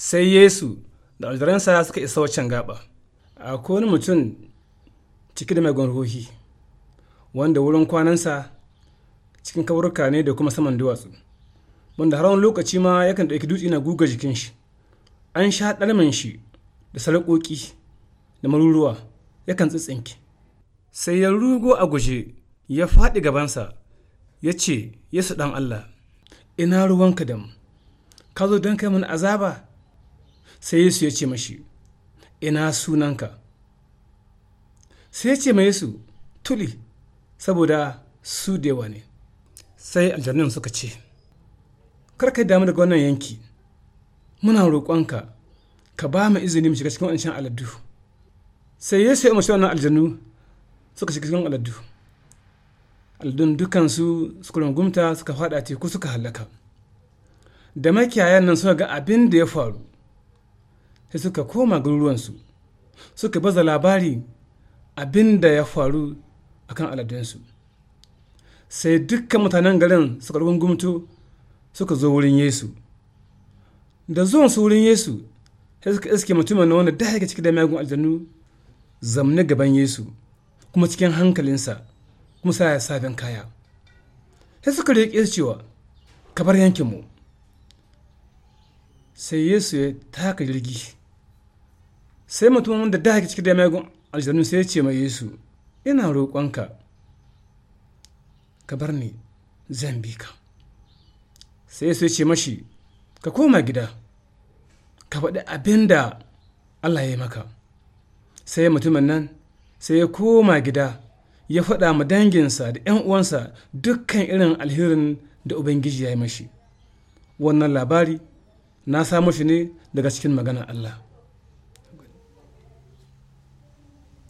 sai yesu da aljiransa suka isa waccan gaba a wani mutum cike da mai wanda wurin kwanansa cikin kaburka ne da kuma saman duwatsu wanda har wani lokaci ma yakan ɗauki dutse na guga jikin shi an sha ɗalmin shi da sarƙoƙi da maruruwa yakan tsitsinki sai ya rugo a guje ya faɗi gabansa ya ce yesu ɗan allah ina ruwanka da mu ka zo don kai mana azaba sai yesu ya ce mashi ina sunanka sai ya ce ma yesu tuli saboda su dewa ne sai aljanun suka ce karka damu daga wannan yanki muna roƙonka ka ba mu izini mu shiga cikin wancan aladu sai yesu ya umarci wannan aljanu suka shiga cikin aladu aladun dukansu suka rungumta suka faɗa teku suka halaka da makiyayan nan suka ga abin da ya faru sai suka koma garuruwansu suka baza labari abin da ya faru akan aladunsu sai dukkan mutanen garin suka rungumto suka zo wurin yesu da zuwan wurin yesu sai suka iske mutumin na wanda da yake cike da magun aljanu zamne gaban yesu kuma cikin hankalinsa kuma sa ya sabin kaya sai suka riƙe cewa ka yankinmu sai yesu ya taka jirgi sai mutumin da da cike da magun aljanu sai ce mai yesu ina roƙonka ka bar ni zan bi ka sai sai ce mashi ka koma gida ka faɗi abin da allah ya yi maka sai mutumin nan sai ya koma gida ya faɗa ma danginsa da 'yan uwansa dukkan irin alherin da ubangiji ya yi mashi wannan labari na samu shi ne daga cikin magana allah